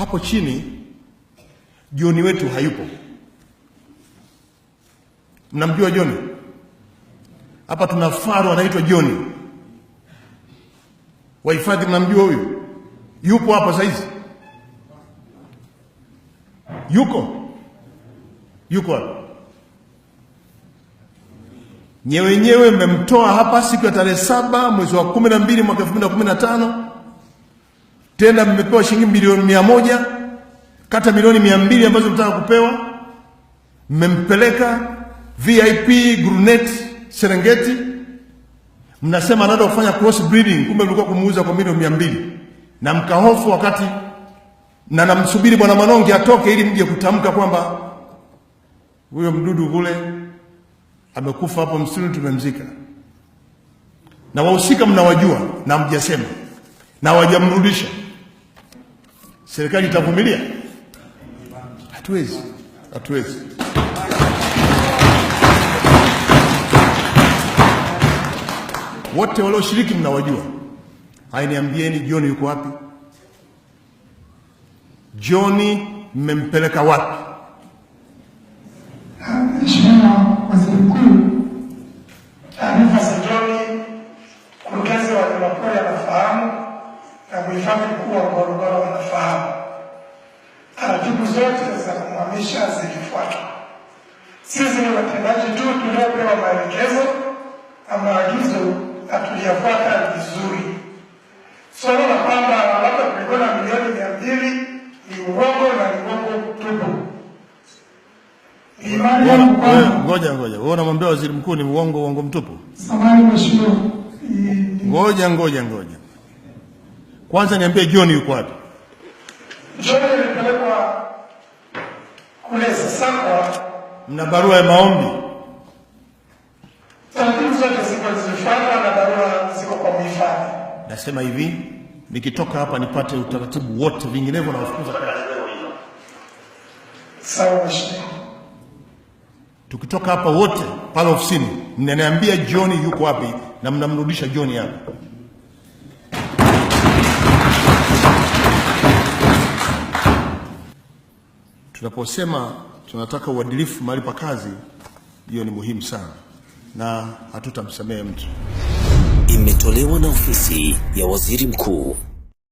hapo chini, Joni wetu hayupo. Mnamjua Joni? Hapa tuna faru anaitwa Joni, wahifadhi, mnamjua huyu? Yupo hapa saizi? Yuko yuko hapa nyewenyewe, mmemtoa hapa siku ya tarehe saba mwezi wa kumi na mbili mwaka elfu mbili na kumi na tano tena mmepewa shilingi milioni mia moja kata milioni mia mbili ambazo mtaka kupewa, mmempeleka VIP Grunet Serengeti, mnasema anaenda kufanya cross breeding, kumbe mlikuwa kumuuza kwa milioni mia mbili na mkahofu wakati na namsubiri bwana Manonge atoke ili mje kutamka kwamba huyo mdudu kule amekufa hapo msituni, tumemzika. Na wahusika mnawajua na mjasema na wajamrudisha serikali itavumilia? Hatuwezi, hatuwezi. Wote walioshiriki mnawajua. Hainiambieni John yuko wapi? John mmempeleka wapi? Mheshimiwa Waziri Mkuu, taarifa za John, mkurugenzi wa wanyamapori na kuhifadhi kuwa Wakorogoro wanafahamu taratibu zote za kumhamisha zilifuatwa Sisi ni watendaji tu tuliopewa maelekezo na maagizo na tuliyafuata vizuri. Swala la kwamba labda kulikuwa na milioni mia mbili ni uongo na ni uongo mtupu. Ngoja ngoja, wewe unamwambia waziri mkuu ni uongo, uongo mtupu? Samahani mheshimiwa, ngoja ngoja ngoja kwanza niambie John yuko wapi? John alipelekwa kule Sasakwa. Mna barua ya maombi? Taratibu zote ziko zimefuatwa na barua ziko kwa mhifadhi. Nasema hivi, nikitoka hapa nipate utaratibu wote, vinginevyo nawafukuza kazi. Sawa mheshimiwa. Tukitoka hapa wote pale ofisini mnaniambia John yuko wapi na mnamrudisha John hapa. Tunaposema tunataka uadilifu mahali pa kazi, hiyo ni muhimu sana na hatutamsamehe mtu. Imetolewa na ofisi ya waziri mkuu.